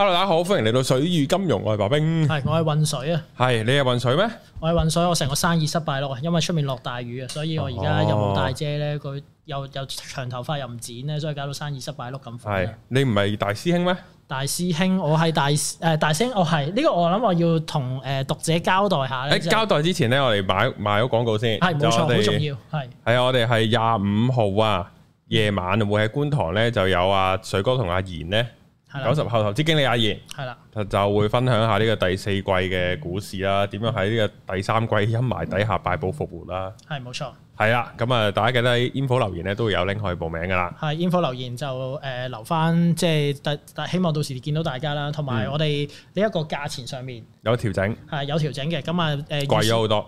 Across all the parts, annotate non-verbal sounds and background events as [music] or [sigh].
hello，大家好，歡迎嚟到水與金融，我係白兵，係我係渾水啊，係你係渾水咩？我係渾水，我成個生意失敗咯，因為出面落大雨啊，所以我而家又冇帶遮咧，佢又又長頭髮又唔剪咧，所以搞到生意失敗碌咁款。係你唔係大師兄咩？大師兄，我係大誒大師兄，我係呢個我諗我要同誒讀者交代下咧。誒，交代之前咧，我哋買賣咗廣告先，係冇錯，好重要，係係啊，我哋係廿五號啊，夜晚會喺觀塘咧就有阿水哥同阿言咧。九十後投資經理阿賢，係啦，的，就會分享下呢個第四季嘅股市啦，點樣喺呢個第三季陰霾底下擺補復活啦。係冇錯，係啦，咁啊，大家記得喺煙火留言咧都會有拎 i 可以報名噶啦。係煙火留言就誒留翻，即係希希望到時見到大家啦。同埋我哋呢一個價錢上面。嗯有調整係有調整嘅，咁啊誒貴咗好多，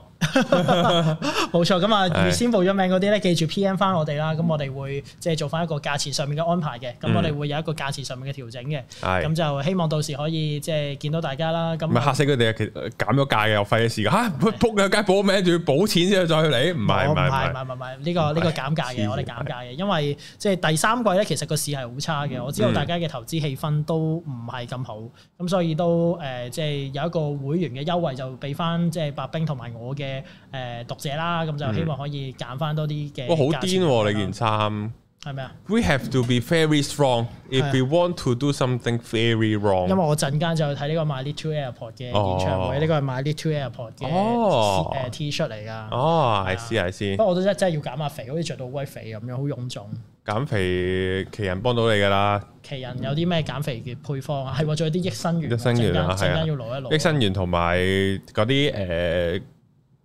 冇錯。咁啊預先報咗名嗰啲咧，記住 PM 翻我哋啦。咁我哋會即係做翻一個價錢上面嘅安排嘅。咁我哋會有一個價錢上面嘅調整嘅。咁就希望到時可以即係見到大家啦。咁唔係嚇死佢哋啊！減咗價嘅又費事㗎，仆去街報名仲要補錢先去再去嚟？唔係唔係唔係唔係呢個呢個減價嘅，我哋減價嘅，因為即係第三季咧，其實個市係好差嘅。我知道大家嘅投資氣氛都唔係咁好，咁所以都誒即係有一個。個會員嘅優惠就俾翻即係白兵同埋我嘅誒讀者啦，咁、嗯、就希望可以揀翻多啲嘅、啊哦。哇、啊！好癲喎，你件衫。係咪啊？We have to be very strong if we want to do something very wrong。因為我陣間就去睇呢個 My Little Airport 嘅演唱會，呢個係 My Little Airport 嘅誒 T 恤嚟㗎。哦，I see I see。不過我都真真係要減下肥，好似着到好鬼肥咁樣，好臃腫。減肥奇人幫到你㗎啦！奇人有啲咩減肥嘅配方啊？係喎，仲有啲益生元，益生元啊，係啊，陣間要攞一攞，益生元同埋嗰啲誒。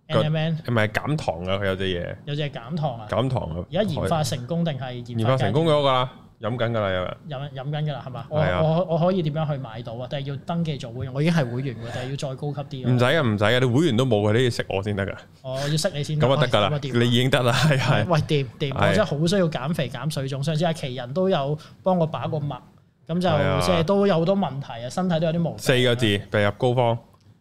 佢係咪減糖啊？佢有隻嘢，有隻係減糖啊！減糖啊！而家研發成功定係研發成功咗㗎啦？飲緊㗎啦，有冇？飲飲緊㗎啦，係嘛？我我可以點樣去買到啊？定係要登記做會員，我已經係會員喎，定係要再高級啲。唔使啊，唔使啊！你會員都冇㗎，你要識我先得㗎。我要識你先。咁就得㗎啦！你已經得啦，係係。喂，掂掂！我真係好需要減肥減水腫，上次阿奇人都有幫我把個脈，咁就即係都有好多問題啊，身體都有啲毛病。四個字，病入膏肓。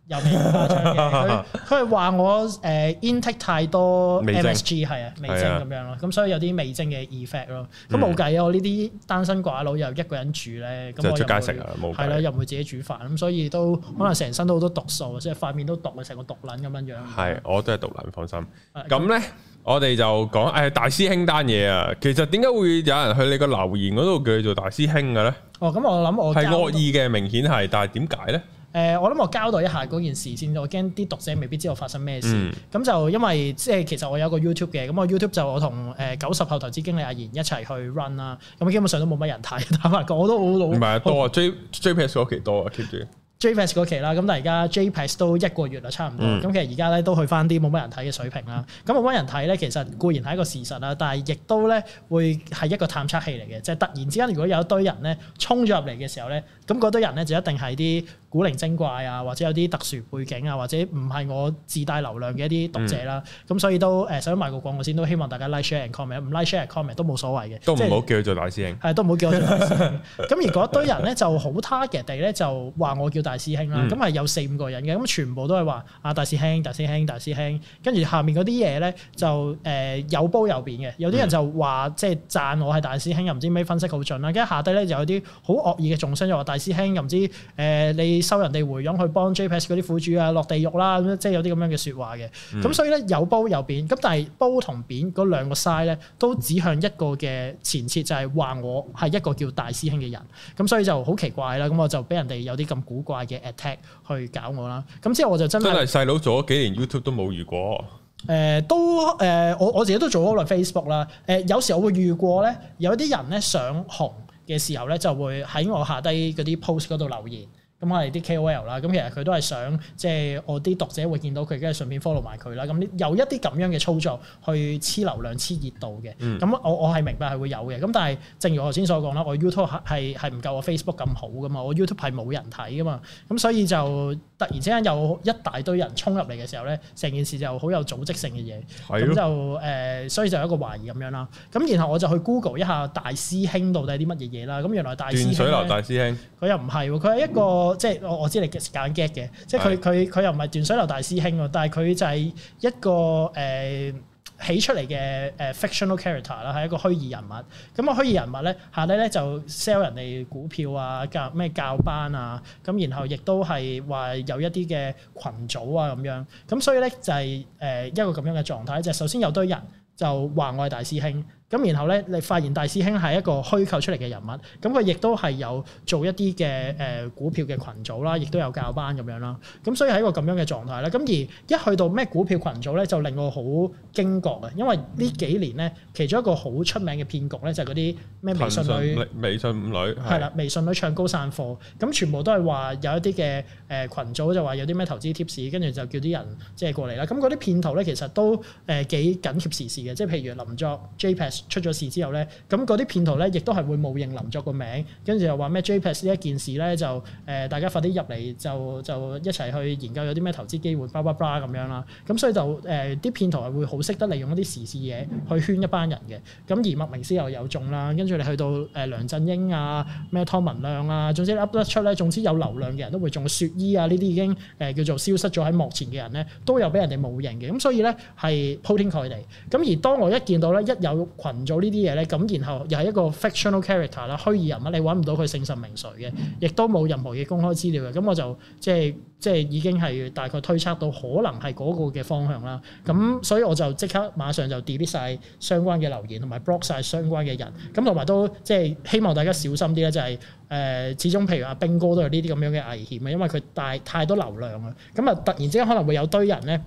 有變化嘅，佢佢係話我誒 intake 太多 MSG，係啊，味精咁樣咯，咁所以有啲味精嘅 effect 咯。咁冇計啊，我呢啲單身寡佬又一個人住咧，咁我出街食啊，冇計。係啦，又唔會自己煮飯，咁所以都可能成身都好多毒素，即係塊面都毒，成個毒撚咁樣樣。係，我都係毒撚，放心。咁咧我哋就講誒大師兄單嘢啊，其實點解會有人去你個留言嗰度叫你做大師兄嘅咧？哦，咁我諗我係惡意嘅，明顯係，但係點解咧？誒、呃，我諗我交代一下嗰件事先，我驚啲讀者未必知道發生咩事。咁、嗯、就因為即係其實我有個 YouTube 嘅，咁我 YouTube 就我同誒九十後投資經理阿言一齊去 run 啦。咁基本上都冇乜人睇，坦白講我都、啊、好老。唔係多啊，J JPS 嗰期多啊，keep 住。JPS 嗰期啦，咁但係而家 JPS 都一個月啦，差唔多。咁、嗯、其實而家咧都去翻啲冇乜人睇嘅水平啦。咁冇乜人睇咧，其實固然係一個事實啦，但係亦都咧會係一個探測器嚟嘅，即、就、係、是、突然之間如果有一堆人咧衝咗入嚟嘅時候咧，咁嗰堆人咧就一定係啲。古靈精怪啊，或者有啲特殊背景啊，或者唔係我自帶流量嘅一啲讀者啦，咁、嗯、所以都誒、呃嗯、想賣個廣告先，都希望大家 like share and comment，唔 like share and comment 都冇所謂嘅。都唔好叫佢做大師兄，係都唔好叫我做大師兄。咁如果一堆人咧就好 target 地咧就話我叫大師兄啦，咁係、嗯、有四五個人嘅，咁全部都係話啊大師兄大師兄大師兄，跟住下面嗰啲嘢咧就誒有褒有貶嘅，有啲人就話即係讚我係大師兄又唔知咩分析好準啦，跟住下低咧就有啲好惡意嘅中傷又話大師兄又唔、呃嗯、知誒、呃呃、你。呃你收人哋回佣去幫 JPEX 嗰啲苦主啊，落地獄啦，即係有啲咁樣嘅說話嘅。咁、嗯、所以咧有煲有扁，咁但係煲同扁嗰兩個 s i z e 咧，都指向一個嘅前設，就係、是、話我係一個叫大師兄嘅人。咁所以就好奇怪啦。咁我就俾人哋有啲咁古怪嘅 attack 去搞我啦。咁之後我就真係細佬做咗幾年 YouTube 都冇。遇過誒都誒，我、呃、我自己都做咗好耐 Facebook 啦、呃。誒有時我會遇過咧，有啲人咧上紅嘅時候咧，就會喺我下低嗰啲 post 嗰度留言。咁我哋啲 KOL 啦，咁其實佢都係想即係我啲讀者會見到佢，跟住順便 follow 埋佢啦。咁有一啲咁樣嘅操作去黐流量、黐熱度嘅。咁、嗯、我我係明白係會有嘅。咁但係正如我頭先所講啦，我 YouTube 係係唔夠我 Facebook 咁好噶嘛，我 YouTube 係冇人睇噶嘛。咁所以就突然之間有一大堆人衝入嚟嘅時候咧，成件事就好有組織性嘅嘢。咁係咯就誒，所以就有一個懷疑咁樣啦。咁然後我就去 Google 一下大師兄到底係啲乜嘢嘢啦。咁原來大師兄斷水流，大師兄佢又唔係，佢係一個。嗯即係我我知你揀 get 嘅，即係佢佢佢又唔係斷水流大師兄咯，但係佢就係一個誒、呃、起出嚟嘅誒 fictional character 啦，係一個虛擬人物。咁、那、啊、個、虛擬人物咧，下低咧就 sell 人哋股票啊，教咩教班啊，咁然後亦都係話有一啲嘅群組啊咁樣，咁所以咧就係、是、誒一個咁樣嘅狀態，就係首先有堆人就話我係大師兄。咁然後咧，你發現大師兄係一個虛構出嚟嘅人物，咁佢亦都係有做一啲嘅誒股票嘅群組啦，亦都有教班咁樣啦。咁所以喺一個咁樣嘅狀態咧，咁而一去到咩股票群組咧，就令我好驚覺呀，因為呢幾年咧，其中一個好出名嘅騙局咧，就係嗰啲咩微信女、微信五女，係啦，微信女唱高散貨，咁全部都係話有一啲嘅誒羣組就話有啲咩投資貼士，跟住就叫啲人即係過嚟啦。咁嗰啲騙徒咧，其實都誒幾緊貼時事嘅，即係譬如林作 JPEX。J 出咗事之後咧，咁嗰啲騙徒咧，亦都係會冒認林作個名，跟住又話咩 JPEX 呢一件事咧，就誒、呃、大家快啲入嚟，就就一齊去研究有啲咩投資機會，巴拉巴拉咁樣啦。咁、嗯、所以就誒啲、呃、騙徒係會好識得利用一啲時事嘢去圈一班人嘅。咁而麥明詩又有中啦，跟住你去到誒梁振英啊、咩湯文亮啊，總之 up 得出咧，總之有流量嘅人都會中。雪姨啊，呢啲已經誒叫做消失咗喺幕前嘅人咧，都有俾人哋冒認嘅。咁所以咧，係鋪天蓋地。咁而當我一見到咧，一有群做呢啲嘢咧，咁然後又係一個 fictional character 啦，虛擬人物，你揾唔到佢姓甚名誰嘅，亦都冇任何嘅公開資料嘅，咁我就即係即係已經係大概推測到可能係嗰個嘅方向啦。咁所以我就即刻馬上就 delete 晒相關嘅留言，同埋 block 晒相關嘅人。咁同埋都即係希望大家小心啲咧，就係、是、誒、呃，始終譬如阿兵哥都有呢啲咁樣嘅危險啊，因為佢帶太多流量啊，咁啊，突然之間可能會有堆人咧。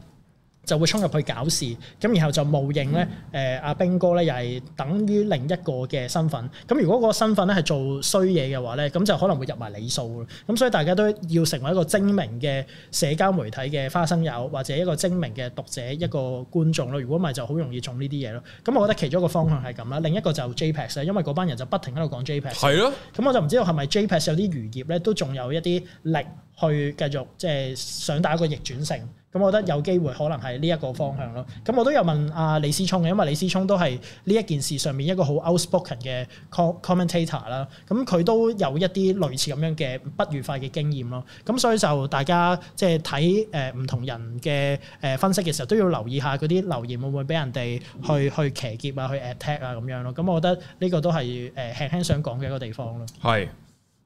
就會衝入去搞事，咁然後就冒認咧，誒阿兵哥咧又係等於另一個嘅身份。咁如果個身份咧係做衰嘢嘅話咧，咁就可能會入埋你數咯。咁所以大家都要成為一個精明嘅社交媒體嘅花生友，或者一個精明嘅讀者、嗯、一個觀眾咯。如果唔係就好容易中呢啲嘢咯。咁我覺得其中一個方向係咁啦，另一個就 JPEX 啦，因為嗰班人就不停喺度講 JPEX 喇。係咯。咁我就唔知道係咪 JPEX 有啲餘孽咧，都仲有一啲力去繼續即係、就是、想打一個逆轉性。咁我覺得有機會可能係呢一個方向咯。咁我都有問阿李思聰嘅，因為李思聰都係呢一件事上面一個好 outspoken 嘅 co commentator 啦。咁佢都有一啲類似咁樣嘅不愉快嘅經驗咯。咁所以就大家即係睇誒唔同人嘅誒分析嘅時候，都要留意下嗰啲留言會唔會俾人哋去去騎劫啊，去 at attack 啊咁樣咯。咁我覺得呢個都係誒輕輕想講嘅一個地方咯。係，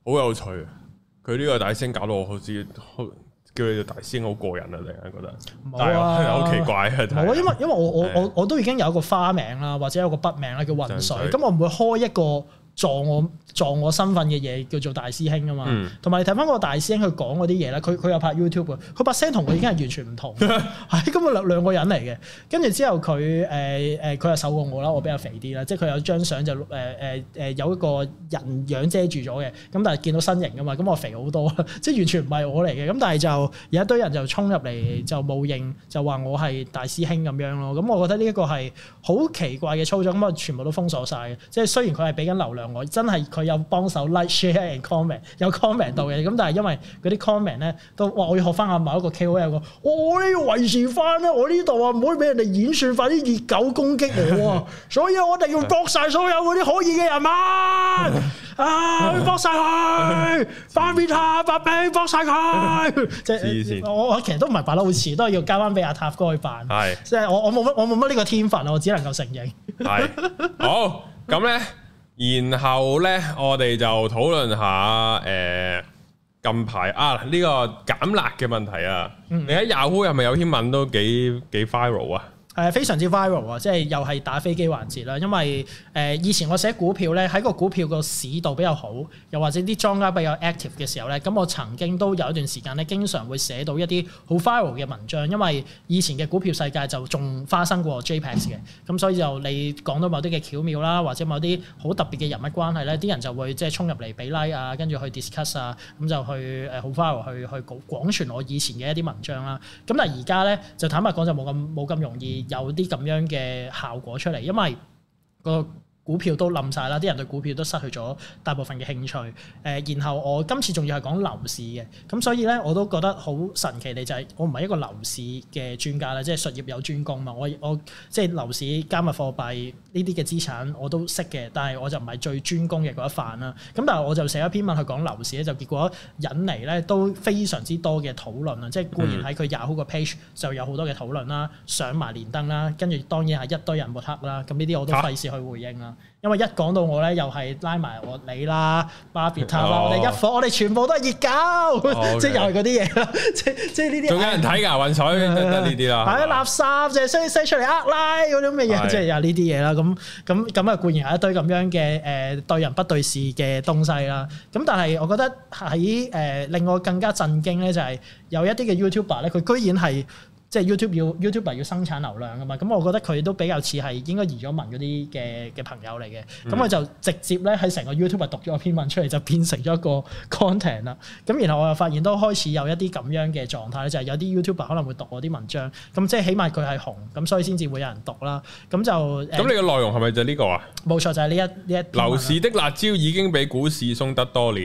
好有趣嘅。佢呢個大聲搞到我好似好～叫你做大師好過癮啊！我突然間覺得，但係好奇怪啊！冇啊，因為因為我我我我都已經有一個花名啦，或者有個筆名啦，叫渾水，咁我唔會開一個。撞我撞我身份嘅嘢叫做大師兄啊嘛，同埋、嗯、你睇翻個大師兄佢講嗰啲嘢啦，佢佢有拍 YouTube，佢把聲同我已經係完全唔同，係咁啊兩個人嚟嘅。跟住之後佢誒誒佢又瘦過我啦，我比較肥啲啦，即係佢有張相就誒誒誒有一個人樣遮住咗嘅，咁但係見到身形啊嘛，咁我肥好多，即係完全唔係我嚟嘅。咁但係就有一堆人就衝入嚟就冒認，就話我係大師兄咁樣咯。咁我覺得呢一個係好奇怪嘅操作，咁啊全部都封鎖晒嘅。即係雖然佢係俾緊流量。我真係佢有幫手 like、share and comment，有 comment 到嘅，咁但係因為嗰啲 comment 咧都話我要學翻阿某一個 KOL 個，我要維持翻咧，我呢度啊唔可以俾人哋演算翻啲熱狗攻擊嚟喎，所以我哋要博晒所有嗰啲可以嘅人物，啊，博曬佢，翻面下白兵博曬佢，即係我我其實都唔係發得好遲，都係要交翻俾阿塔哥去辦，係是，即係我我冇乜我冇乜呢個天分啊，我只能夠承認，係，好，咁咧。然後咧，我哋就討論下誒、呃、近排啊呢、呢個減辣嘅問題啊。嗯、你喺 Yahoo 係咪有篇文都幾幾 viral 啊？係、uh, 非常之 viral 啊！即係又係打飛機環節啦，因為誒、呃、以前我寫股票咧，喺個股票個市道比較好，又或者啲莊家比較 active 嘅時候咧，咁我曾經都有一段時間咧，經常會寫到一啲好 viral 嘅文章，因為以前嘅股票世界就仲發生過 JPEX 嘅，咁所以就你講到某啲嘅巧妙啦，或者某啲好特別嘅人物關係咧，啲人就會即係衝入嚟俾 like 啊，跟住去 discuss 啊，咁就去誒好 viral 去去廣傳我以前嘅一啲文章啦。咁但係而家咧，就坦白講就冇咁冇咁容易。有啲咁樣嘅效果出嚟，因為個股票都冧晒啦，啲人對股票都失去咗大部分嘅興趣。誒、呃，然後我今次仲要係講樓市嘅，咁所以咧我都覺得好神奇，地就係我唔係一個樓市嘅專家啦，即係術業有專攻嘛。我我即係樓市、加密貨幣呢啲嘅資產我都識嘅，但係我就唔係最專攻嘅嗰一範啦。咁但係我就寫一篇文去講樓市咧，就結果引嚟咧都非常之多嘅討論啦。即係固然喺佢廿號個 page 就有好多嘅討論啦，嗯、上埋連登啦，跟住當然係一堆人抹黑啦。咁呢啲我都費事去回應啦。啊因為一講到我咧，又係拉埋我你啦巴別塔啦，哦、我哋一伙，我哋全部都係熱狗，哦、即係又係嗰啲嘢啦，即即係呢啲。仲有人睇牙運彩得得呢啲啦，擺啲垃圾啫，西西出嚟呃拉嗰啲咁嘅嘢，即係又呢啲嘢啦。咁咁咁啊，就係固然有一堆咁樣嘅誒對人不對事嘅東西啦。咁但係我覺得喺誒令我更加震驚咧，就係有一啲嘅 YouTuber 咧，佢居然係。即係 YouTube 要 YouTuber 要生產流量㗎嘛，咁我覺得佢都比較似係應該移咗民嗰啲嘅嘅朋友嚟嘅，咁我、嗯、就直接咧喺成個 YouTube 度讀咗篇文出嚟，就變成咗一個 content 啦。咁然後我又發現都開始有一啲咁樣嘅狀態，就係、是、有啲 YouTuber 可能會讀我啲文章，咁即係起碼佢係紅，咁所以先至會有人讀啦。咁就咁、嗯嗯、你嘅內容係咪就係呢個啊？冇錯，就係、是、呢一呢一樓市的辣招已經比股市鬆得多了。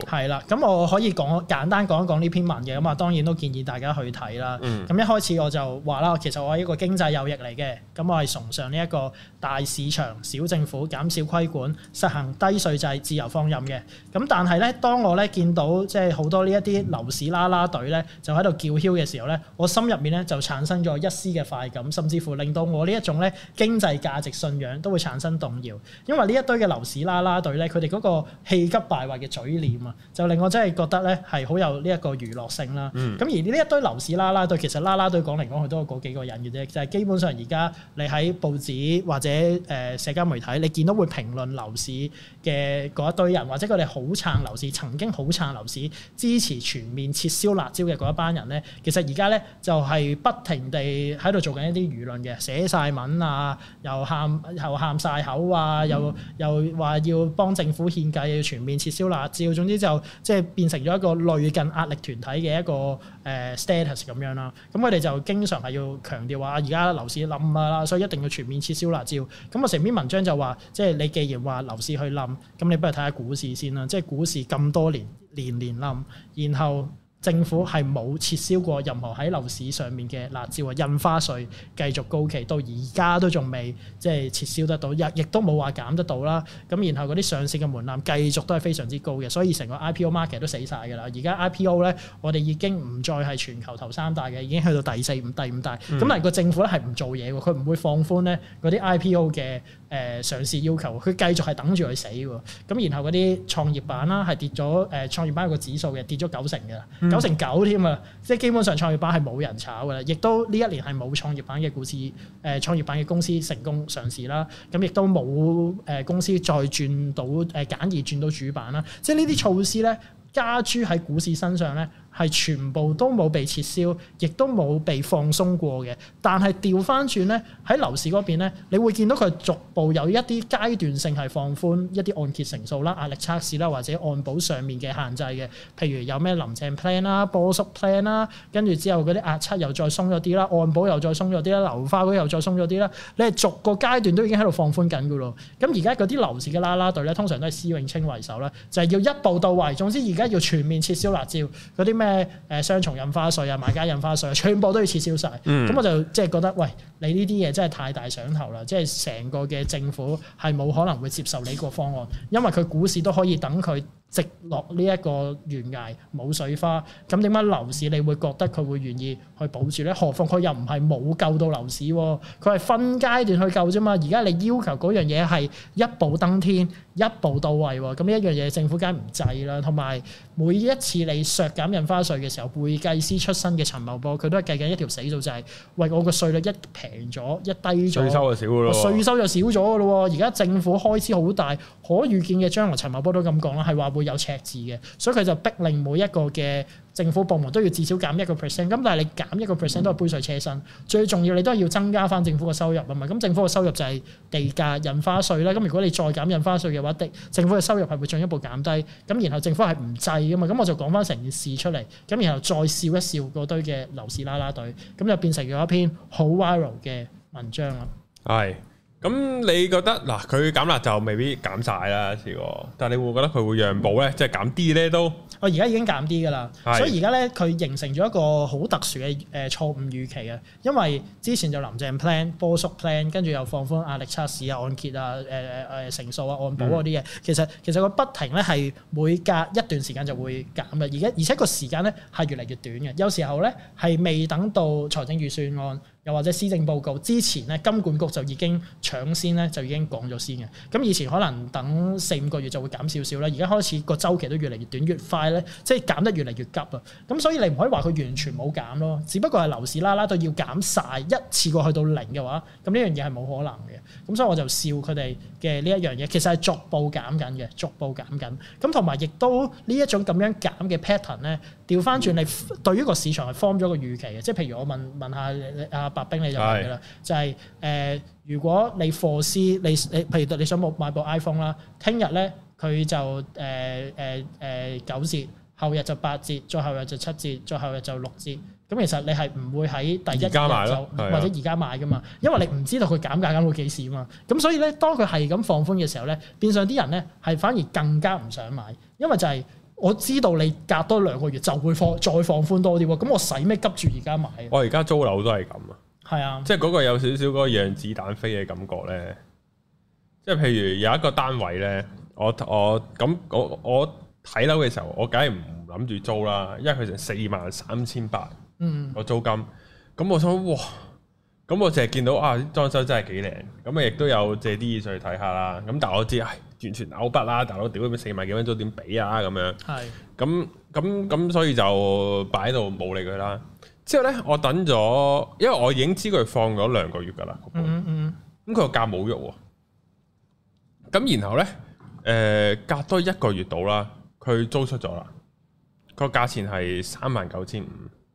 係啦，咁我可以講簡單講一講呢篇文嘅，咁啊當然都建議大家去睇啦。嗯。咁一開始。次我就話啦，其實我係一個經濟右翼嚟嘅，咁我係崇尚呢一個大市場、小政府、減少規管、實行低稅制、自由放任嘅。咁但係咧，當我咧見到即係好多呢一啲樓市啦啦隊咧，就喺度叫囂嘅時候咧，我心入面咧就產生咗一絲嘅快感，甚至乎令到我呢一種咧經濟價值信仰都會產生動搖，因為呢一堆嘅樓市啦啦隊咧，佢哋嗰個氣急敗壞嘅嘴臉啊，就令我真係覺得咧係好有呢一個娛樂性啦。咁、嗯、而呢一堆樓市啦啦隊其實啦啦。對，講嚟講去，都係嗰幾個人嘅啫，就係、是、基本上而家你喺報紙或者誒社交媒體，你見到會評論樓市嘅嗰一堆人，或者佢哋好撐樓市，曾經好撐樓市，支持全面撤銷辣招嘅嗰一班人咧，其實而家咧就係不停地喺度做緊一啲輿論嘅，寫晒文啊，又喊又喊晒口啊，又又話、嗯、要幫政府獻計，要全面撤銷辣招，總之就即係變成咗一個類近壓力團體嘅一個誒 status 咁樣啦。咁佢哋。就經常係要強調話：而家樓市冧啊，所以一定要全面撤銷辣招。咁我成篇文章就話，即係你既然話樓市去冧，咁你不如睇下股市先啦。即係股市咁多年年年冧，然後。政府係冇撤銷過任何喺樓市上面嘅辣招啊，印花稅繼續高企，到而家都仲未即係撤銷得到，亦亦都冇話減得到啦。咁然後嗰啲上市嘅門檻繼續都係非常之高嘅，所以成個 IPO market 都死晒㗎啦。而家 IPO 咧，我哋已經唔再係全球頭三大嘅，已經去到第四五第五大。咁、嗯、但係個政府咧係唔做嘢㗎，佢唔會放寬咧嗰啲 IPO 嘅。誒上市要求，佢繼續係等住佢死喎。咁然後嗰啲創業板啦，係跌咗誒創業板個指數嘅，跌咗九成嘅啦，嗯、九成九添啊！即係基本上創業板係冇人炒嘅啦，亦都呢一年係冇創業板嘅股市誒創業板嘅公司成功上市啦。咁亦都冇誒公司再轉到誒簡易轉到主板啦。即係呢啲措施咧，加諸喺股市身上咧。係全部都冇被撤銷，亦都冇被放鬆過嘅。但係調翻轉咧，喺樓市嗰邊咧，你會見到佢逐步有一啲階段性係放寬一啲按揭成數啦、壓力測試啦，或者按保上面嘅限制嘅。譬如有咩林鄭 plan 啦、波叔 plan 啦，跟住之後嗰啲壓測又再鬆咗啲啦，按保又再鬆咗啲啦，樓花嗰又再鬆咗啲啦。你係逐個階段都已經喺度放寬緊噶咯。咁而家嗰啲樓市嘅啦啦隊咧，通常都係施永青為首啦，就係、是、要一步到位。總之而家要全面撤銷辣椒啲咩。誒，雙重印花稅啊，買家印花稅啊，全部都要撤銷曬。咁，嗯，我就即係覺得，喂，你呢啲嘢真係太大上頭啦！即係成個嘅政府係冇可能會接受你個方案，因為佢股市都可以等佢。直落呢一個懸崖冇水花，咁點解樓市你會覺得佢會願意去保住呢？何況佢又唔係冇救到樓市喎，佢係分階段去救啫嘛。而家你要求嗰樣嘢係一步登天、一步到位，咁呢一樣嘢政府梗係唔制啦。同埋每一次你削減印花稅嘅時候，會計師出身嘅陳茂波佢都係計緊一條死數，就係為我個稅率一平咗、一低咗，稅收就少咯。稅收就少咗㗎咯。而家政府開支好大，可預見嘅將來陳茂波都咁講啦，係話。會有赤字嘅，所以佢就逼令每一個嘅政府部門都要至少減一個 percent。咁但係你減一個 percent 都係杯水車薪，最重要你都係要增加翻政府嘅收入啊嘛。咁政府嘅收入就係地價印花稅啦。咁如果你再減印花稅嘅話，的政府嘅收入係會進一步減低。咁然後政府係唔制噶嘛？咁我就講翻成件事出嚟，咁然後再笑一笑嗰堆嘅樓市啦啦隊，咁就變成咗一篇好 viral 嘅文章啦。係。咁你覺得嗱，佢、啊、減辣就未必減晒啦，試過。但係你會覺得佢會讓步咧，即係減啲咧都。我而家已經減啲㗎啦，是所以而家咧佢形成咗一個好特殊嘅誒錯誤預期嘅。因為之前就林鄭 plan、波叔 plan，跟住又放寬壓力測試啊、按揭啊、誒誒誒成數啊、按保嗰啲嘢。其實其實佢不停咧係每隔一段時間就會減嘅，而家而且個時間咧係越嚟越短嘅。有時候咧係未等到財政預算案。又或者施政報告之前咧，金管局就已經搶先咧，就已經講咗先嘅。咁以前可能等四五個月就會減少少啦，而家開始個周期都越嚟越短，越快咧，即係減得越嚟越急啊！咁所以你唔可以話佢完全冇減咯，只不過係樓市啦啦都要減晒，一次過去到零嘅話，咁呢樣嘢係冇可能嘅。咁所以我就笑佢哋嘅呢一樣嘢，其實係逐步減緊嘅，逐步減緊。咁同埋亦都呢一種咁樣減嘅 pattern 咧，調翻轉你對於個市場係 form 咗個預期嘅。即係譬如我問問下阿。白兵、嗯嗯、你就係啦，就係、是、誒、呃，如果你貨司你你，譬如你想買部 iPhone 啦，聽日咧佢就誒誒誒九折，後日就八折，再後日就七折，再後日就六折，咁其實你係唔會喺第一日就買或者而家買噶嘛，因為你唔知道佢減價減到幾時啊嘛，咁所以咧當佢係咁放寬嘅時候咧，變相啲人咧係反而更加唔想買，因為就係我知道你隔多兩個月就會放再放寬多啲喎，咁我使咩急住而家買？我而家租樓都係咁啊！係啊，即係嗰個有少少嗰個讓子彈飛嘅感覺咧，即係譬如有一個單位咧，我我咁我我睇樓嘅時候，我梗係唔諗住租啦，因為佢成四萬三千八，嗯，個租金，咁、嗯嗯、我想，哇，咁、嗯、我淨係見到啊，裝修真係幾靚，咁啊亦都有借啲意上去睇下啦，咁、嗯、但係我知，係完全嘔筆啦，大佬，屌你四萬幾蚊租點俾啊，咁樣，係是，咁咁咁所以就擺喺度冇理佢啦。之後咧，我等咗，因為我已經知佢放咗兩個月噶啦。嗯嗯。咁佢個價冇喐，咁然後咧，誒、呃，隔多一個月到啦，佢租出咗啦，個價錢係三萬九千五。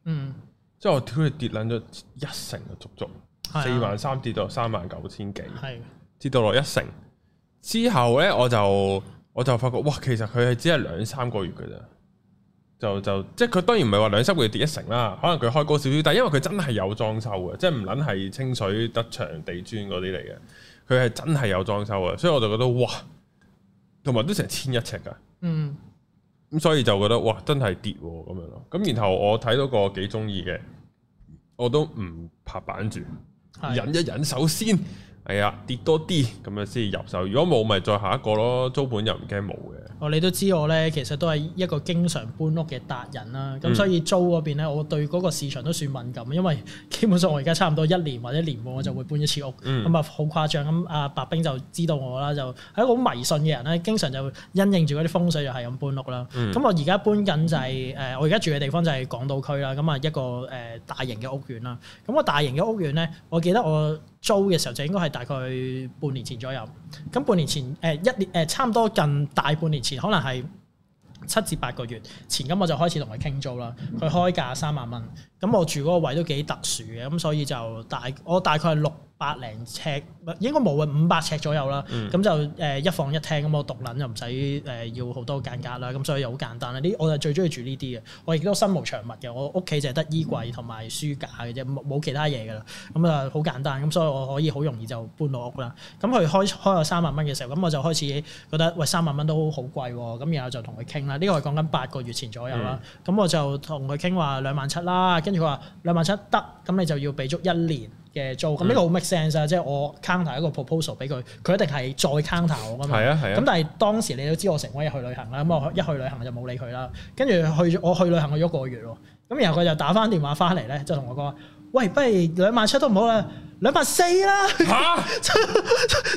嗯。之後跳跌捻咗一成就足足四萬三跌到三萬九千幾，跌到落的一成。之後咧，我就我就發覺，哇，其實佢係只係兩三個月噶咋。就就即係佢當然唔係話兩濕佢跌一成啦，可能佢開高少少，但係因為佢真係有裝修嘅，即係唔撚係清水得牆地磚嗰啲嚟嘅，佢係真係有裝修嘅，所以我就覺得哇，同埋都成千一尺㗎，嗯，咁所以就覺得哇，真係跌咁、啊、樣咯。咁然後我睇到個幾鍾意嘅，我都唔拍板住，的忍一忍，首先。係啊、哎，跌多啲咁樣先入手。如果冇，咪再下一個咯。租盤又唔驚冇嘅。哦，你都知我咧，其實都係一個經常搬屋嘅達人啦。咁、嗯、所以租嗰邊咧，我對嗰個市場都算敏感，因為基本上我而家差唔多一年或者一年半我就會搬一次屋。咁啊、嗯，好誇張。咁阿白兵就知道我啦，就係、是、一個好迷信嘅人咧，經常就因應住嗰啲風水就係咁搬屋啦。咁、嗯、我而家搬緊就係、是、誒，我而家住嘅地方就係港島區啦。咁啊，一個誒大型嘅屋苑啦。咁個大型嘅屋苑咧，我記得我租嘅時候就應該係大概半年前左右，咁半年前誒、呃、一年誒、呃、差唔多近大半年前，可能係七至八個月前，咁我就開始同佢傾租啦。佢開價三萬蚊。咁我住嗰個位都幾特殊嘅，咁所以就大我大概係六百零尺，應該冇啊五百尺左右啦。咁、嗯、就誒、呃、一房一廳，咁我獨撚就唔使誒要好多間隔啦，咁所以又好簡單啦。呢我就最中意住呢啲嘅，我亦都身無長物嘅，我屋企淨係得衣櫃同埋書架嘅啫，冇其他嘢噶啦。咁啊好簡單，咁所以我可以好容易就搬到屋啦。咁佢開開咗三萬蚊嘅時候，咁我就開始覺得喂，三萬蚊都好貴喎，咁然後就同佢傾啦。呢、呢個係講緊八個月前左右啦，咁、嗯、我就同佢傾話兩萬七啦。佢話兩萬七得，咁你就要俾足一年嘅租。咁呢個好 make sense 啊，嗯、即係我 counter 一個 proposal 俾佢，佢一定係再 counter 我㗎嘛。係啊係啊。咁但係當時你都知我成日去旅行啦，咁我一去旅行就冇理佢啦。跟住去咗，我去旅行去咗一個月喎，咁然後佢就打翻電話翻嚟咧，就同我講。喂，不如兩萬七都唔好啦，兩萬四啦。嚇！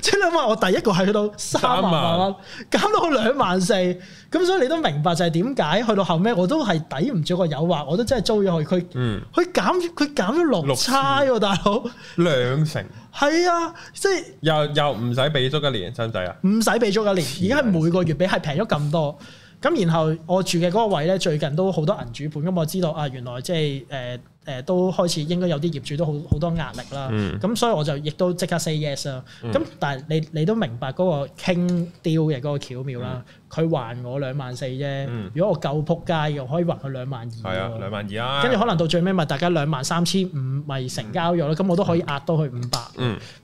即兩萬，我第一個係去到三萬蚊減到兩萬四。咁所以你都明白就係點解去到後尾我都係抵唔住個誘惑，我都真係租咗去。佢佢、嗯、減佢減咗六差喎次大佬哥，兩成。係啊，即係又又唔使俾租一年，真唔真啊？唔使俾租一年，而家係每個月俾，係平咗咁多。咁然後我住嘅嗰個位咧，最近都好多銀主盤。咁我知道啊，原來即係誒。誒都開始應該有啲業主都好好多壓力啦，咁所以我就亦都即刻 say yes 啦。咁但係你你都明白嗰個傾 deal 嘅嗰個巧妙啦，佢還我兩萬四啫，如果我夠撲街，我可以還佢兩萬二，係啊，兩萬二啊，跟住可能到最尾咪大家兩萬三千五咪成交咗咯，咁我都可以壓到佢五百，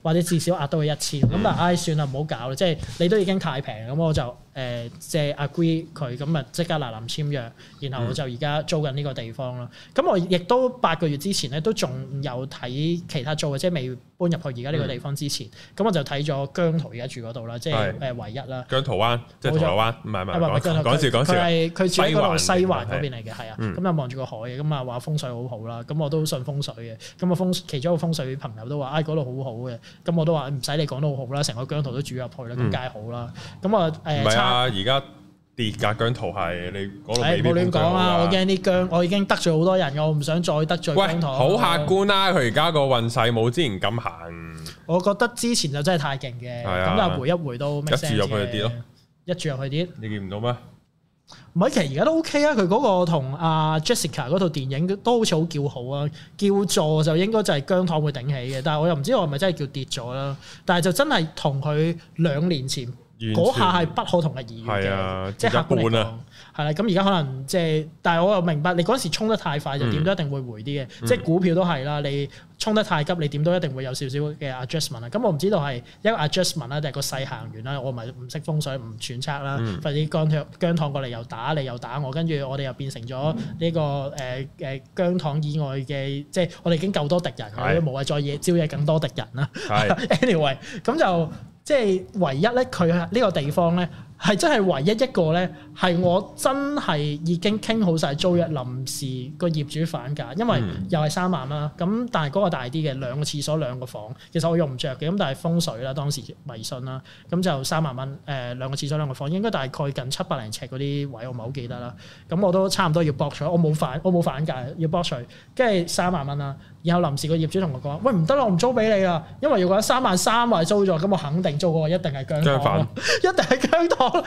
或者至少壓到佢一千，咁但係唉算啦唔好搞啦，即係你都已經太平，咁我就即係 agree 佢，咁咪即刻嗱嗱臨簽約，然後我就而家租緊呢個地方咯，咁我亦都八個月之前咧，都仲有睇其他租嘅，即係未搬入去而家呢個地方之前。咁、嗯、我就睇咗姜濤而家住嗰度啦，即係誒唯一啦。姜濤灣，即係圖灣，唔係唔係唔係講講,講住講住，佢係佢住喺嗰度西環嗰邊嚟嘅，係啊。咁啊望住個海嘅，咁啊話風水好好啦。咁我都信風水嘅。咁啊風，其中一個風水朋友都話：，唉、哎，嗰度好好嘅。咁我都話唔使你講得好好啦，成個姜濤都住入去啦，咁梗係好啦。咁啊誒，唔係、嗯呃、啊，而家。跌㗎，姜濤係你嗰度，唔好亂講啊！我驚啲姜，我已經得罪好多人嘅，我唔想再得罪姜濤。喂，好客觀啦，佢而家個運勢冇之前咁行。我覺得之前就真係太勁嘅，咁又回一回都 make sense 嘅。一注入去跌咯，一注入去跌，你見唔到咩？唔係，其實而家都 OK 啊。佢嗰個同阿 Jessica 嗰套電影都好似好叫好啊，叫座就應該就係姜濤會頂起嘅。但係我又唔知我係咪真係叫跌咗啦。但係就真係同佢兩年前。嗰下係不可同日而語嘅，即客觀嚟講啦。係啦，咁而家可能即係，但係我又明白你嗰陣時衝得太快，就點都一定會回啲嘅。即係股票都係啦，你衝得太急，你點都一定會有少少嘅 adjustment 啦。咁我唔知道係一個 adjustment 啦，定係個勢行完啦。我唔係唔識風水，唔揣測啦。費事薑糖薑糖過嚟又打你又打我，跟住我哋又變成咗呢個誒誒薑糖以外嘅，即係我哋已經夠多敵人，無謂再惹招惹更多敵人啦。Anyway，咁就。即係唯一咧，佢喺呢個地方咧，係真係唯一一個咧。係我真係已經傾好晒租約，臨時個業主反價，因為又係三萬啦。咁但係嗰個大啲嘅兩個廁所兩個房，其實我用唔着嘅。咁但係風水啦，當時迷信啦，咁就三萬蚊誒兩個廁所兩個房，應該大概近七百零尺嗰啲位我唔係好記得啦。咁我都差唔多要博除，我冇反我冇反價要博除。跟住三萬蚊啦。然後臨時個業主同我講，喂唔得啦，我唔租俾你啦，因為如果三萬三萬租咗，咁我肯定租嗰個一定係僵房，一定係僵房，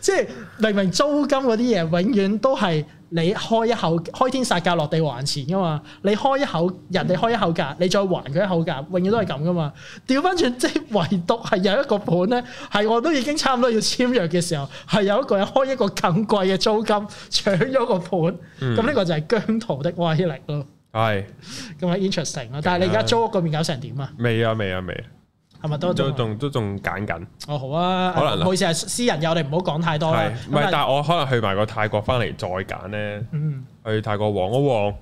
即係 [laughs] 明明。租金嗰啲嘢，永遠都係你開一口開天殺價，落地還錢噶嘛？你開一口，人哋開一口價，你再還佢一口價，永遠都係咁噶嘛？調翻轉，即係唯獨係有一個盤咧，係我都已經差唔多要簽約嘅時候，係有一個人開一個咁貴嘅租金，搶咗個盤，咁呢、嗯、個就係姜濤的威力咯。係咁喺、哎、 [laughs] interesting 啦，但係你而家租屋嗰邊搞成點啊？未啊，未啊，未、啊。咁都仲都仲揀緊。哦好啊，可能、啊、好似係私人友，我哋唔好講太多啦。唔係是，但係是我可能去埋個泰國翻嚟再揀咧。嗯，去泰國旺一旺。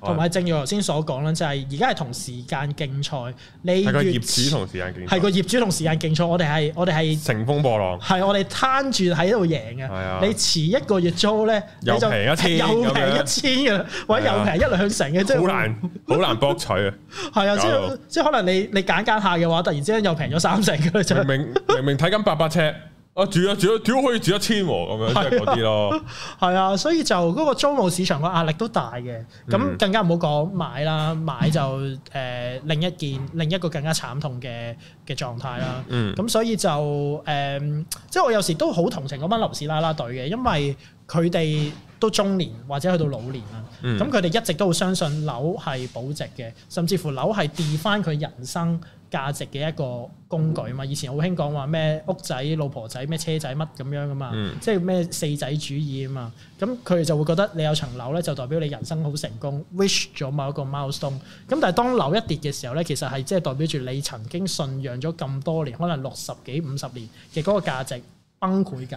同埋正如頭先所講啦，就係而家係同時間競賽，你個業主同時間競係個業主同時間競賽，我哋係我哋係乘風破浪，係我哋攤住喺度贏嘅。你遲一個月租咧，你就又平一千嘅，或者又平一兩成嘅，真係好難好難博取啊！係啊，即係即係可能你你揀揀下嘅話，突然之間又平咗三成，明明明睇緊八百尺。啊住啊住啊，屌、啊、可以住一千喎，咁樣即係嗰啲咯。係啊，所以就嗰、嗰個租務市場個壓力都大嘅，咁、嗯、更加唔好講買啦，買就誒、呃、另一件另一個更加慘痛嘅嘅狀態啦。嗯，咁所以就誒、呃，即係我有時都好同情嗰班樓市拉拉隊嘅，因為佢哋都中年或者去到老年啦。咁佢哋一直都好相信樓係保值嘅，甚至乎樓係跌翻佢人生。價值嘅一個工具嘛，以前好興講話咩屋仔、老婆仔、咩車仔乜咁樣噶嘛，嗯、即係咩四仔主義啊嘛，咁佢哋就會覺得你有層樓咧，就代表你人生好成功，wish 咗、嗯、某一個 milestone。咁但係當樓一跌嘅時候咧，其實係即係代表住你曾經信仰咗咁多年，可能六十幾五十年嘅嗰個價值。崩潰緊，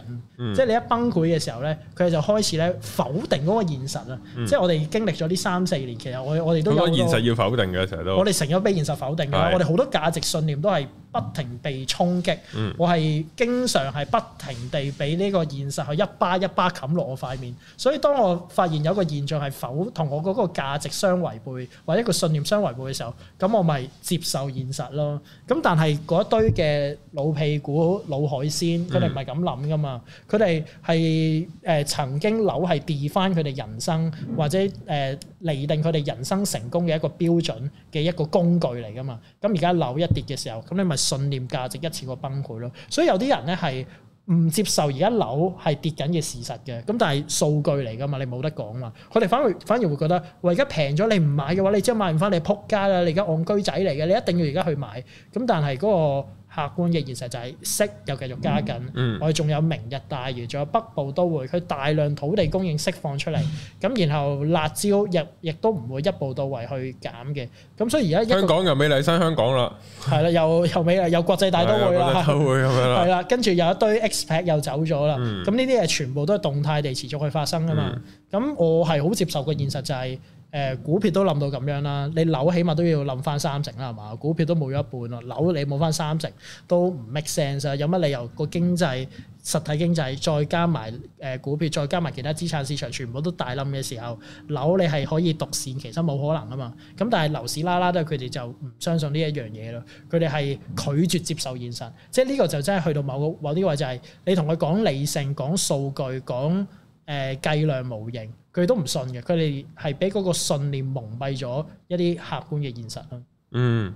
即係你一崩潰嘅時候咧，佢哋就開始咧否定嗰個現實啦。嗯、即係我哋經歷咗呢三四年，其實我我哋都有現實要否定嘅，成日都我哋成日都畀現實否定嘅，的我哋好多價值信念都係。不停被衝擊，我係經常係不停地俾呢個現實去一巴一巴冚落我塊面。所以當我發現有個現象係否同我嗰個價值相違背，或者個信念相違背嘅時候，咁我咪接受現實咯。咁但係嗰一堆嘅老屁股老海鮮佢哋唔係咁諗噶嘛。佢哋係誒曾經樓係跌翻佢哋人生，或者誒呃、釐定佢哋人生成功嘅一個標準嘅一個工具嚟噶嘛。咁而家樓一跌嘅時候，咁你咪信念價值一次過崩潰咯，所以有啲人咧係唔接受而家樓係跌緊嘅事實嘅，咁但係數據嚟噶嘛，你冇得講嘛。佢哋反而反而會覺得，哇！而家平咗，你唔買嘅話，你即係買唔翻，你撲街啦！你而家戇居仔嚟嘅，你一定要而家去買。咁但係嗰、嗰個。客觀嘅現實就係息又繼續加緊，我哋仲有明日大嶼，仲有北部都會，佢大量土地供應釋放出嚟，咁、嗯、然後辣招亦亦都唔會一步到位去減嘅，咁所以而家香港又美麗新香港啦，係啦，又又美麗又國際大都會啦，係啦，跟住有一堆 expat 又走咗啦，咁呢啲係全部都係動態地持續去發生㗎嘛，咁、嗯、我係好接受嘅現實就係、是。誒股票都冧到咁樣啦，你樓起碼都要冧翻三成啦，係嘛？股票都冇咗一半咯，樓你冇翻三成都唔 make sense 啊！有乜理由個經濟實體經濟再加埋誒、呃、股票，再加埋其他資產市場，全部都大冧嘅時候，樓你係可以獨善其身，冇可能啊嘛！咁但係樓市啦啦都係佢哋就唔相信呢一樣嘢咯，佢哋係拒絕接受現實，即係呢個就真係去到某個某啲位就係、是、你同佢講理性、講數據、講。誒計量模型，佢哋都唔信嘅，佢哋係俾嗰個信念蒙蔽咗一啲客觀嘅現實啦。嗯，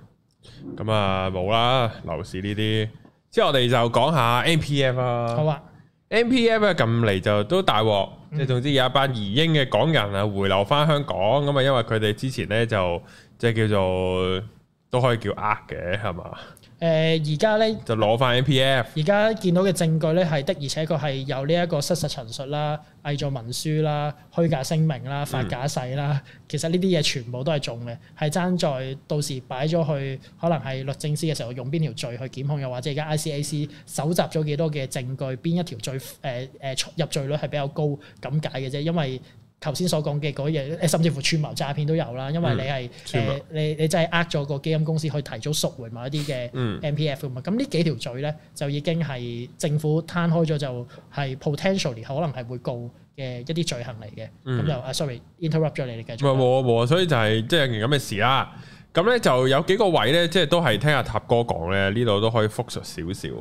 咁啊冇啦，樓市呢啲，之後我哋就講下 MPF 啊。好啊，MPF 啊近嚟就都大鑊，即係總之有一班移英嘅港人啊回流翻香港咁啊，因為佢哋之前咧就即係叫做都可以叫呃嘅係嘛？誒而家咧就攞翻 MPF，而家見到嘅證據咧係的，而且佢係有呢一個失實陳述啦、偽造文書啦、虛假聲明啦、發假誓啦，嗯、其實呢啲嘢全部都係中嘅，係爭在到時擺咗去可能係律政司嘅時候用邊條罪去檢控，又或者而家 ICAC 搜集咗幾多嘅證據，邊一條罪誒誒、呃、入罪率係比較高咁解嘅啫，因為，頭先所講嘅嗰嘢，甚至乎串謀詐騙都有啦，因為你係誒、嗯呃、你你真係呃咗個基金公司去提早贖回某一啲嘅 M P F 嘛、嗯，咁呢幾條罪咧就已經係政府攤開咗就係 potentially 可能係會告嘅一啲罪行嚟嘅。咁、嗯、就啊，sorry，interrupt 咗你哋繼續。唔係所以就係即係有件咁嘅事啦、啊。咁咧就有幾個位咧，即、就、係、是、都係聽阿塔哥講咧，呢度都可以復述少少。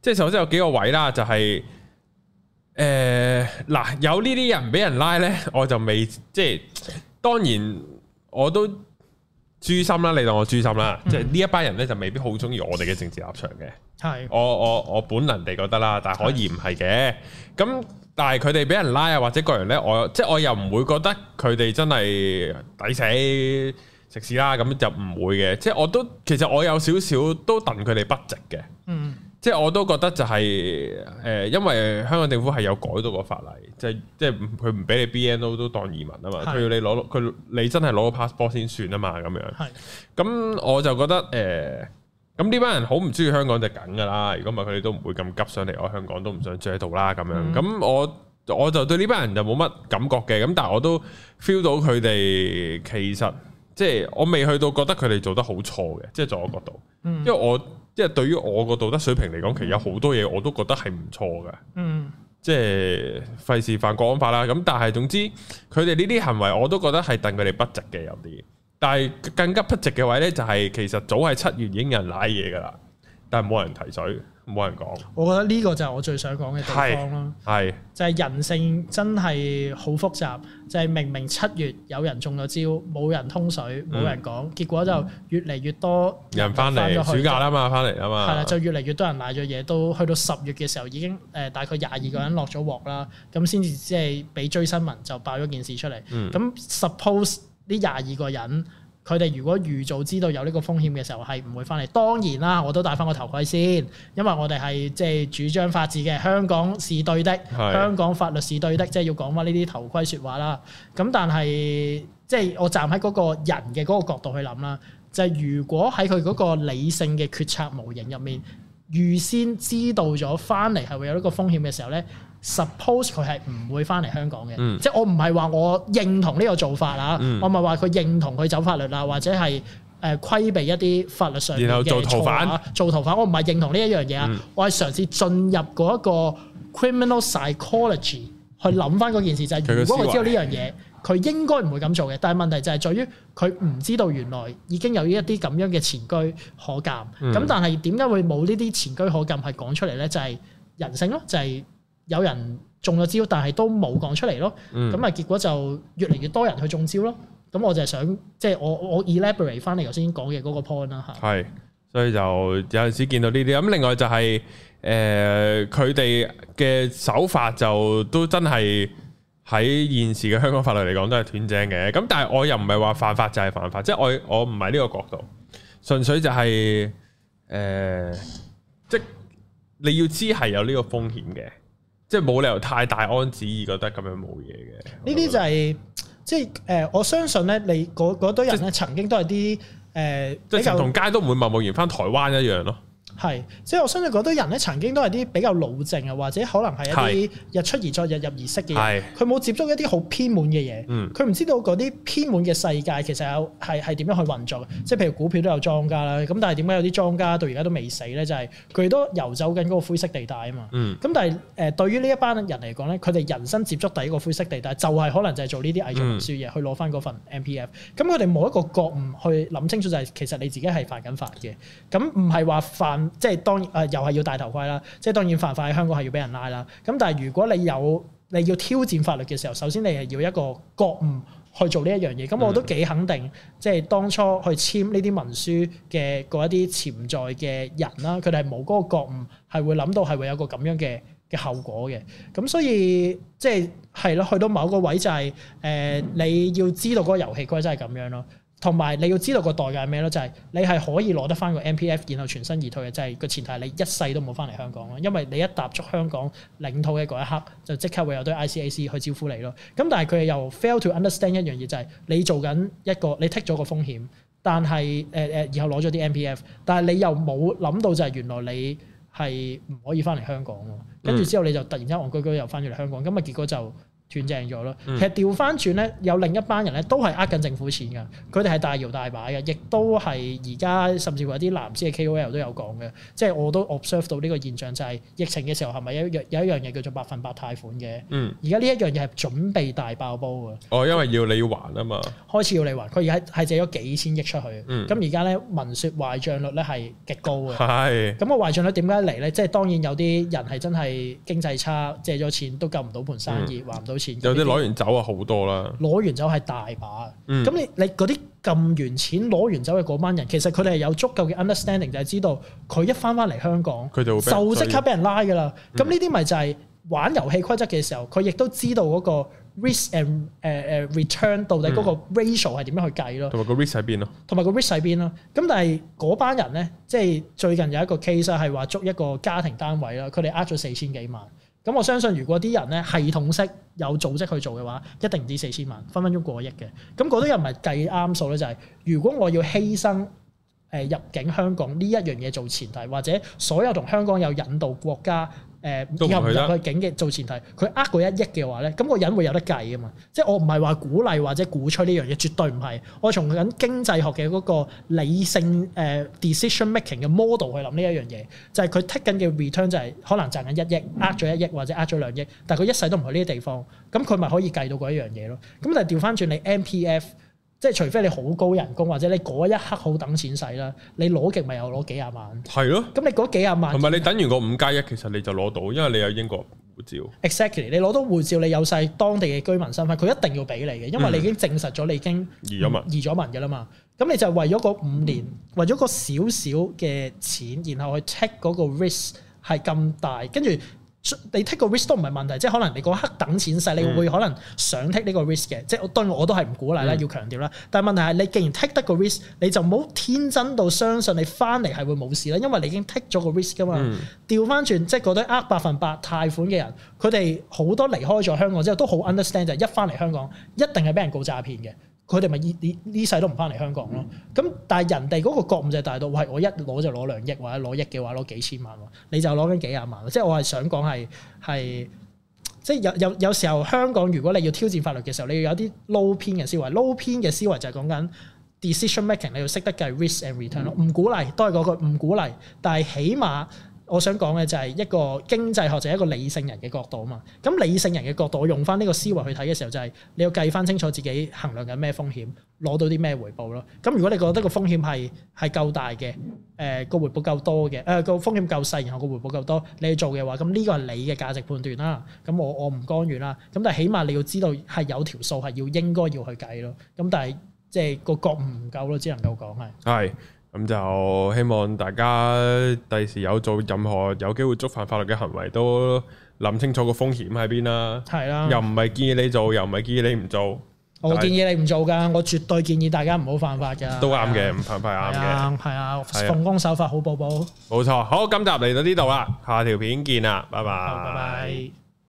即、就、係、是、首先有幾個位啦，就係、是。誒，嗱、呃，有呢啲人俾人拉咧，我就未即係，當然我都誅心啦，你當我誅心啦，嗯、即係呢一班人咧就未必好中意我哋嘅政治立場嘅。係是，我我我本能地覺得啦，但係可以唔係嘅。咁是但係佢哋俾人拉啊，或者個人咧，我即係我又唔會覺得佢哋真係抵死食屎啦，咁就唔會嘅。即係我都其實我有少少都戥佢哋不值嘅。嗯。即係我都覺得就係、是、誒、呃，因為香港政府係有改到個法例，就是、即係即係佢唔俾你 BNO 都當移民啊嘛，佢是的 要你攞佢你真係攞個 passport 先算啊嘛，咁樣。係咁是的 我就覺得誒，咁呢班人好唔鍾意香港就梗噶啦，如果唔係佢哋都唔會咁急上嚟，我香港都唔想住喺度啦咁樣。咁、嗯、我我就對呢班人就冇乜感覺嘅，咁但係我都 feel 到佢哋其實即係、就是、我未去到覺得佢哋做得好錯嘅，即係在我角度，因為我。嗯即係對於我個道德水平嚟講，其實有好多嘢我都覺得係唔錯嘅。嗯，即係費事犯國安法啦。咁但係總之，佢哋呢啲行為我都覺得係戥佢哋不值嘅有啲。但係更加不值嘅位呢、就是，就係其實早係七月已經有人瀨嘢噶啦，但係冇人提水。冇人講，我覺得呢個就係我最想講嘅地方咯。係，就係人性真係好複雜，就係、是、明明七月有人中咗招，冇人通水，冇、嗯、人講，結果就越嚟越多人翻嚟，暑假啦嘛，翻嚟啊嘛，係啦，就越嚟越多人賴咗嘢，都去到十月嘅時候已經誒、呃、大概廿二個人落咗鑊啦，咁先至即係俾追新聞就爆咗件事出嚟。咁、嗯、suppose 呢廿二個人。佢哋如果預早知道有呢個風險嘅時候，係唔會翻嚟。當然啦，我都戴翻個頭盔先，因為我哋係即係主張法治嘅，香港是對的，的香港法律是對的，即係要講翻呢啲頭盔説話啦。咁但係即係我站喺嗰個人嘅嗰個角度去諗啦，就係如果喺佢嗰個理性嘅決策模型入面，預先知道咗翻嚟係會有呢個風險嘅時候咧。Suppose 佢係唔會翻嚟香港嘅，嗯、即係我唔係話我認同呢個做法啊，嗯、我唔係話佢認同佢走法律啦，或者係誒規避一啲法律上嘅錯誤然後做逃犯，做逃犯我唔係認同呢一樣嘢啊，嗯、我係嘗試進入嗰一個 criminal psychology 去諗翻嗰件事，嗯、就係，如果佢知道呢樣嘢，佢應該唔會咁做嘅。但係問題就係在於佢唔知道原來已經有呢一啲咁樣嘅前居可鑑，咁、嗯嗯、但係點解會冇呢啲前居可鑑係講出嚟呢就係、是、人性咯，就係、是。有人中咗招，但係都冇講出嚟咯。咁啊、嗯，結果就越嚟越多人去中招咯。咁、嗯、我就係想，即、就、係、是、我我 elaborate 翻你頭先講嘅嗰個 point 啦嚇。係，所以就有陣時見到呢啲咁。另外就係、是、誒，佢哋嘅手法就都真係喺現時嘅香港法律嚟講都係斷正嘅。咁但係我又唔係話犯法就係犯法，即、就、係、是、我我唔係呢個角度。純粹就係、是、誒，即、呃就是、你要知係有呢個風險嘅。即係冇理由太大安旨意，覺得咁樣冇嘢嘅，呢啲就係、是、即係誒、呃，我相信咧，你嗰嗰堆人咧，曾經都係啲誒，即係同街都唔會貿貿然返台灣一樣咯。係，即係我相信嗰堆人咧，曾經都係啲比較老靜啊，或者可能係一啲日出而作、是日入而息嘅人，佢冇是接觸一啲好偏門嘅嘢，佢唔、嗯、知道嗰啲偏門嘅世界其實有係係點樣去運作、嗯、即係譬如股票都有莊家啦，咁但係點解有啲莊家到而家都未死咧？就係、是、佢都游走緊嗰個灰色地帶啊嘛，咁、嗯、但係誒對於呢一班人嚟講咧，佢哋人生接觸第一個灰色地帶就係、是、可能就係做呢啲偽造文書嘢、嗯、去攞翻嗰份 M P F，咁佢哋冇一個覺悟去諗清楚就係、是、其實你自己係犯緊法嘅，咁唔係話犯。即係當然，誒、呃、又係要戴頭盔啦。即係當然，犯法喺香港係要俾人拉啦。咁但係如果你有你要挑戰法律嘅時候，首先你係要一個覺悟去做呢一樣嘢。咁、嗯、我都幾肯定，即係當初去簽呢啲文書嘅嗰一啲潛在嘅人啦，佢哋係冇嗰個覺悟，係會諗到係會有個咁樣嘅嘅後果嘅。咁所以即係係咯，去到某個位就係、是、誒、呃，你要知道個遊戲規則係咁樣咯。同埋你要知道個代價係咩咯？就係、是、你係可以攞得翻個 M P F，然後全身而退嘅。就係、是、個前提係你一世都冇翻嚟香港咯。因為你一踏足香港領土嘅嗰一刻，就即刻會有堆 I C A C 去招呼你咯。咁但係佢又 fail to understand 一樣嘢，就係、是、你做緊一個你 take 咗個風險，但係誒誒，然、呃呃、後攞咗啲 M P F，但係你又冇諗到就係原來你係唔可以翻嚟香港喎。跟住之後你就突然之間戇居居又翻咗嚟香港，咁啊結果就～斷正咗咯，其實調翻轉咧，有另一班人咧都係呃緊政府錢噶，佢哋係大搖大擺嘅，亦都係而家甚至乎有啲藍絲嘅 KOL 都有講嘅，即係我都 observe 到呢個現象就係、是、疫情嘅時候係咪有有一樣嘢叫做百分百貸款嘅？嗯，而家呢一樣嘢係準備大爆煲㗎。哦，因為要你要還啊嘛。開始要你還，佢而家係借咗幾千億出去。嗯，咁而家咧聞說壞賬率咧係極高嘅。咁個是壞賬率點解嚟咧？即係當然有啲人係真係經濟差，借咗錢都救唔到盤生意，嗯、還唔到。有啲攞完走啊，好多啦！攞完走係大把，咁、嗯、你你嗰啲撳完錢攞完走嘅嗰班人，其實佢哋係有足夠嘅 understanding，就係知道佢一返返嚟香港，佢就即刻俾人拉噶啦。咁呢啲咪就係玩遊戲規則嘅時候，佢亦都知道嗰個 risk and 誒誒 return 到底嗰個 ratio 係點、嗯、樣去計咯。同埋個 risk 喺邊咯？同埋個 risk 喺邊咯？咁但係嗰班人咧，即、就、係、是、最近有一個 case 係話捉一個家庭單位啦，佢哋呃咗四千幾萬。咁我相信，如果啲人咧系統式有組織去做嘅話，一定唔止四千萬，分分鐘過億嘅。咁嗰啲人咪計啱數咧，就係、是、如果我要犧牲誒、呃、入境香港呢一樣嘢做前提，或者所有同香港有引渡國家。誒入唔入去景嘅做前提，佢呃個一億嘅話咧，咁、個人會有得計啊嘛！即係我唔係話鼓勵或者鼓吹呢樣嘢，絕對唔係。我從緊經濟學嘅嗰個理性誒、呃、decision making 嘅 model 去諗呢一樣嘢，就係佢 take 緊嘅 return 就係可能賺緊一億，呃咗一億或者呃咗兩億，但係佢一世都唔去呢啲地方，咁佢咪可以計到嗰一樣嘢咯？咁但係調翻轉你 M P F。即係除非你好高人工，或者你嗰一刻好等錢使啦，你攞極咪又攞幾廿萬。係咯的，咁你嗰幾廿萬同埋你等完個五加一，其實你就攞到，因為你有英國護照。Exactly，你攞到護照，你有晒當地嘅居民身份，佢一定要俾你嘅，因為你已經證實咗、嗯、你已經移咗民，移咗民㗎啦嘛。咁你就為咗嗰五年，嗯、為咗個少少嘅錢，然後去 take 嗰個 risk 係咁大，跟住。你 take 個 risk 都唔係問題，即係可能你嗰刻等錢使，你會可能想 take 呢個 risk 嘅，嗯、即係對我都係唔鼓勵啦，嗯、要強調啦。但係問題係你既然 take 得個 risk，你就唔好天真到相信你翻嚟係會冇事啦，因為你已經 take 咗個 risk 噶嘛。調翻轉即係嗰堆呃、百分百貸款嘅人，佢哋好多離開咗香港之後都好 understand 就係、是、一翻嚟香港一定係俾人告詐騙嘅。佢哋咪呢世都唔翻嚟香港咯，咁但係人哋嗰個覺悟就係大到，喂我一攞就攞兩億，或者攞億嘅話攞幾千萬喎，你就攞緊幾廿萬咯。即係我係想講係係，即係有有有時候香港如果你要挑戰法律嘅時候，你要有啲撈偏嘅思維，撈偏嘅思維就係講緊 decision making，你要識得計 risk and return 咯、嗯，唔鼓勵都係嗰句唔鼓勵，但係起碼。我想講嘅就係一個經濟學者一個理性人嘅角度啊嘛，咁理性人嘅角度，我用翻呢個思維去睇嘅時候，就係你要計翻清楚自己衡量緊咩風險，攞到啲咩回報咯。咁如果你覺得個風險係係夠大嘅，誒個回報夠多嘅，誒個風險夠細，然後個回報夠多，你去做嘅話，咁呢個係你嘅價值判斷啦。咁我我唔干預啦。咁但係起碼你要知道係有條數係要應該要去計咯。咁但係即係個覺悟唔夠咯，只能夠講係。係。咁就希望大家第時有做任何有機會觸犯法律嘅行為，都諗清楚個風險喺邊啦。係啦，又唔係建議你做，又唔係建議你唔做。我建議你唔做噶，我絕對建議大家唔好犯法噶。都啱嘅，唔犯法啱嘅。係啊，係啊，奉公守法好寶寶。冇錯，好，今集嚟到呢度啦，下條片見啦，拜拜。